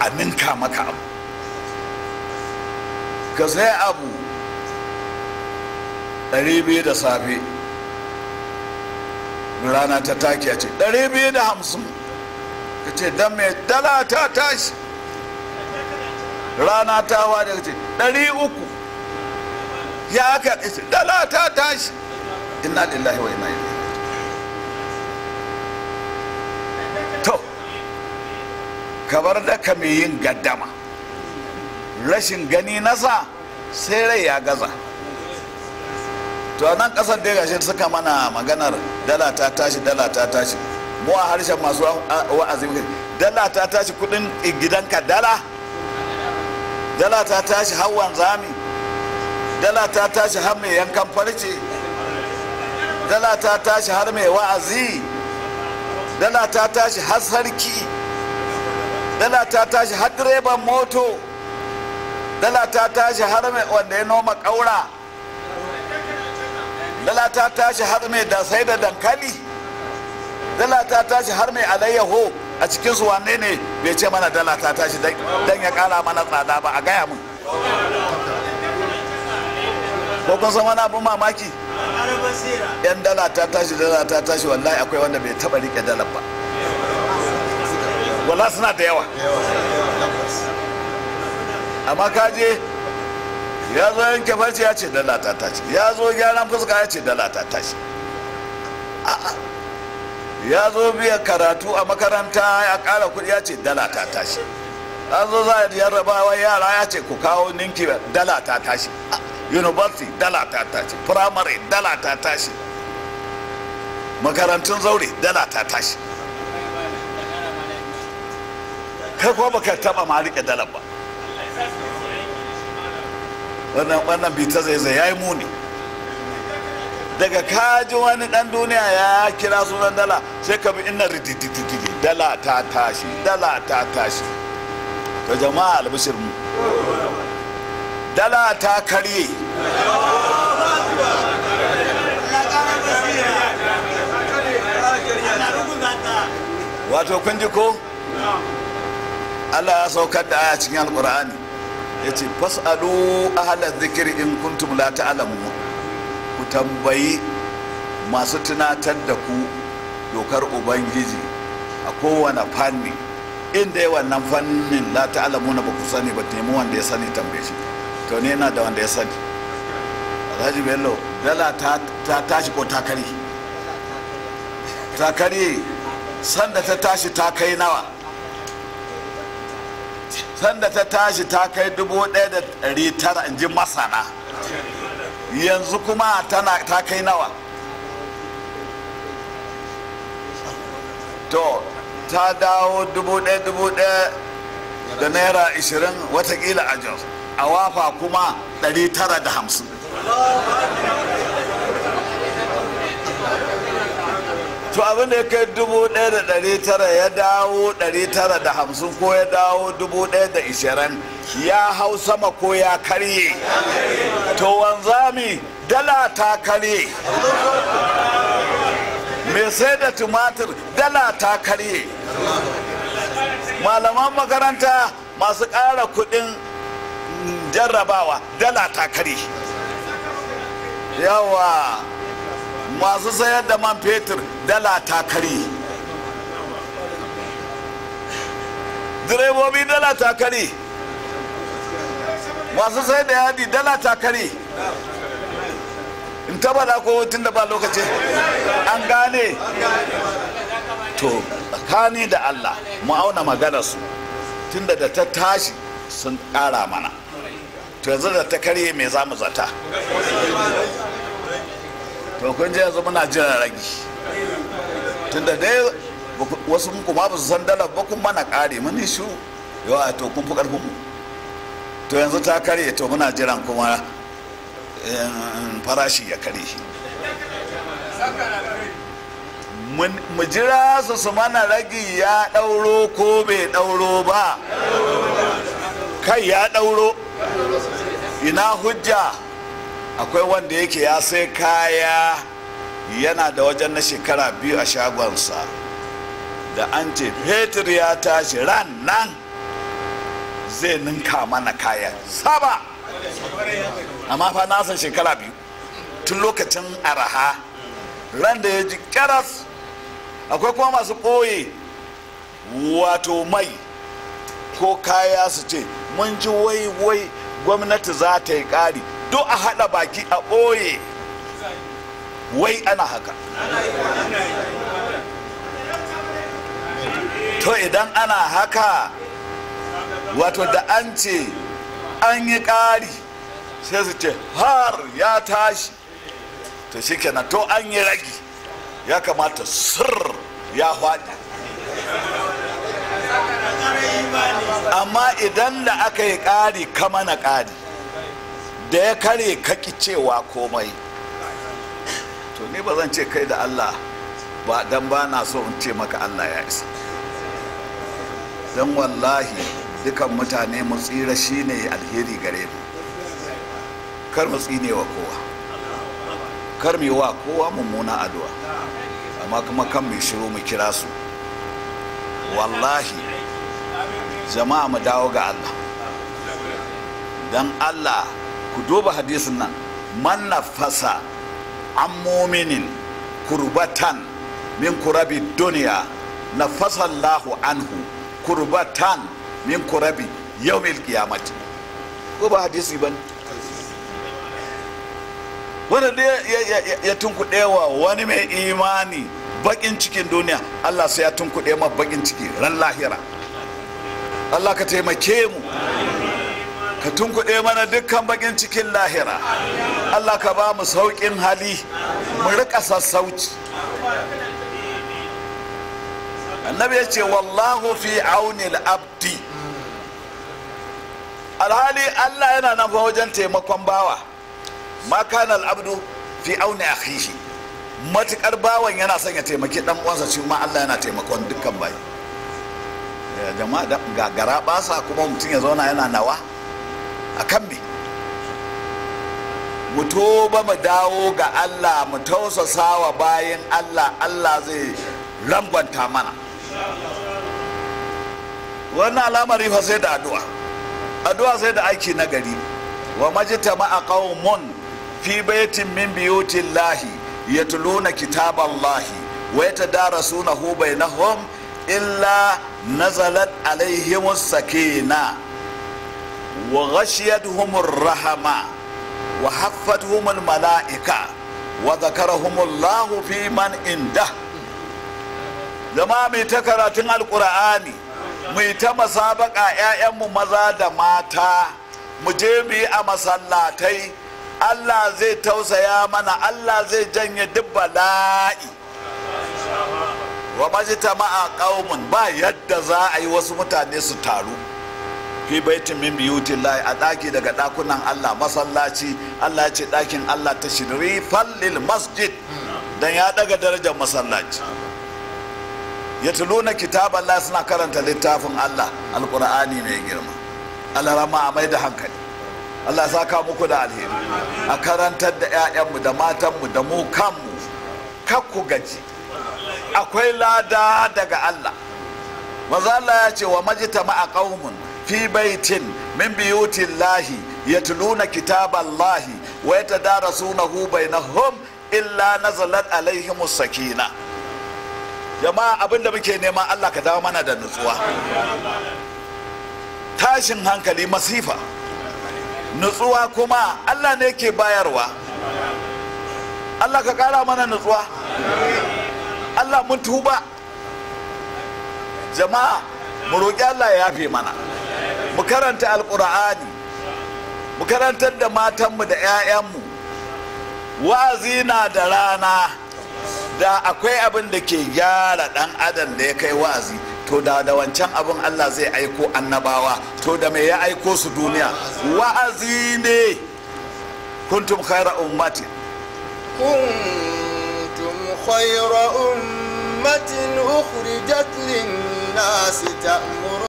a ninka maka abu ka sai abu ɗari biyu da safe rana ta take a ce hamsin, ka ce don mai dala ta tashi rana ta wada ka ce uku, ya aka dala ta tashi inna lillahi wa inna ilaihi da ka mai yin gaddama rashin gani nasa sai rai ya gaza to a nan kasar da gashi suka mana maganar dala ta tashi dala ta tashi mu a harshen masu wa'azi dala ta tashi kudin gidanka dala dala ta tashi hawan zami dala ta tashi har mai yankan farce dala ta tashi har mai wa'azi dala ta tashi har sarki dala ta tashi har direban moto dala ta tashi har mai wanda ya noma ƙaura dala ta tashi har mai da sai da dankali dala ta tashi har mai alayyaho a cikin su wanne ne bai ce mana dala ta tashi dan ya kara mana tsada ba a gaya mun ko kun san wani abun mamaki yan dala ta tashi dala ta tashi wallahi akwai wanda bai taba rike dala ba wala suna da yawa amma ka je ya zo yanke farce ya ce dala ta tashi ya zo gyaran fuska ya ce dala ta tashi ya zo biya karatu a makaranta ya kara kudi ya ce dala ta tashi an zo za a yarrabawa yara ya ce ku kawo ninki dala ta tashi university dala ta tashi primary dala ta tashi makarantun zaure dala ta tashi kai kuma baka taba ma rike dalar ba wannan wannan bita zai zai yayi muni daga kaji wani dan duniya ya kira sunan dala sai ka bi inna rididididi dala ta tashi dala ta tashi to jama'a albishir mu dala ta karye wato kun ji ko Allah ya saukar da aya cikin alkur'ani ya ce fasalu ahalar zikir in kuntum la ta'lamu ku tambayi masu tunatar da ku dokar ubangiji a kowane fanni inda yawan nan fannin la ta'lamu na ba ku sani ba nemi wanda ya sani tambaye shi to ne yana da wanda ya sani alhaji bello dala ta tashi ko ta Takari. ta sanda ta tashi ta kai nawa sanda ta tashi ta kai dubu ɗaya da ɗari tara in ji masana yanzu kuma tana ta kai nawa to ta dawo dubu ɗaya dubu ɗaya da naira ishirin watakila a jos a wafa kuma ɗari tara da hamsin to abin da ya kai dubu ɗaya da ɗari tara ya dawo ɗari tara da hamsin ko ya dawo dubu ɗaya da ishirin ya hau sama ko ya karye to wanzami dala ta karye mai sai da tumatir dala ta karye malaman makaranta masu ƙara kuɗin jarrabawa dala ta karye yawa masu sayar da man fetur dala ta kare direbobi dala ta kare masu sayar da yadi dala ta kare in taba da ko tun da ba lokaci an gane to tsakani da allah mu auna magana su tun da ta tashi sun kara mana to yanzu da ta karye me za mu zata to kun je yanzu muna jiran ragi tunda dai wasu muku ma ba su san dalar ba kun mana kare mun shu. Yau yawa to kun fi karfin mu to yanzu ta karye to muna jiran kuma eh, farashi ya karye mu jira su su mana ragi ya ɗauro ko bai ɗauro ba kai ya ɗauro ina hujja akwai wanda yake ya sai kaya yana da wajen na shekara biyu a shagonsa da an ce fetur ya tashi ran nan zai ninka mana kayan saba amma fa na san shekara biyu tun lokacin araha ran da ya ji karas akwai kuma masu ɓoye wato mai ko kaya su ce mun ji wai wai gwamnati za ta yi ƙari duk a haɗa baki a ɓoye wai ana haka to idan ana haka wato da an ce an yi ƙari sai su ce har ya tashi to shikenan to an yi ragi ya kamata sir ya faɗi amma idan da aka yi ƙari kama na ƙari da ya kare kaki cewa komai to ni ba zan ce kai da allah ba dan ba na so in ce maka allah ya isa don wallahi dukan mutane mu tsira shine alheri gare mu kar mu tsine wa kowa kar mu wa kowa mummuna addu'a amma kuma kan mu shiru mu kira su wallahi jama'a mu dawo ga Allah dan Allah ku duba hadisin nan man nafasa an muminin kurbatan min kurabi duniya nafasa Allahu anhu kurbatan min kurabi mil kiyamati ko ba hadisi ban wanda da ya tunkuɗe wa wani mai imani bakin cikin duniya Allah sai ya tunkuɗe ma bakin ciki ran lahira Allah ka taimake mu ka tunkuɗe mana dukkan bakin cikin lahira Allah ka ba mu sauƙin hali mu riƙa sassauci annabi ya ce wallahu fi aunil abdi alhali Allah yana nan wajen taimakon bawa ma kana al'abdu fi auni akhihi matukar bawan yana son ya taimaki dan uwansa shi ma Allah yana taimakon dukkan bayi jama'a ga gara basa kuma mutum ya zauna yana nawa a kan me mu ba mu dawo ga allah mu tausasa wa bayan allah allah zai rangwanta mana wannan alamar fa sai da addu'a addu'a sai da aiki na gari wa majtama'a qaumun fi baitin min biyutillahi yatluna kitaballahi wa hu bainahum illa nazalat alaihimus sakinah وغشيتهم الرحمة وحفتهم الملائكة humun الله في من عنده zama mai ta karatun alkur'ani mai ta masabaka 'ya'yanmu maza da mata mu je mu yi a masallatai allah zai tausaya mana allah zai janye duk bala'i wa majita ma'a ƙaumin ba yadda za a yi wasu mutane su taru fi baitin min lai a ɗaki daga ɗakunan Allah masallaci Allah ya ce ɗakin Allah ta shirri fallil masjid dan ya daga darajar masallaci ya na kitab Allah suna karanta littafin Allah alqur'ani mai girma Allah rama a mai da hankali Allah ya saka muku da alheri a karantar da 'ya'yanmu da matanmu da mu kanmu kakku gaji akwai lada daga Allah maza Allah ya ce wa majita ma'a qaumun fi baitin min biyutin lahi ya yatluna kitaban lahi wa na bainahum illa nazalat alaihi sakina jama'a abinda muke nema Allah ka dawo mana da nutsuwa tashin hankali masifa nutsuwa kuma Allah ne ke bayarwa Allah ka kara mana nutsuwa Allah mun tuba jama'a mu roƙi Allah ya yafe mana mu karanta alkur'ani mu karantar da matanmu da 'ya'yanmu wa'azi na da rana da akwai abin da ke gyara ɗan adam da ya kai wa'azi to da da wancan abin allah zai aiko annabawa to da mai ya aiko su duniya wa'azi ne kuntum khaira ummati kuntum khaira ummatin ukhrijat lin-nasi ta'muru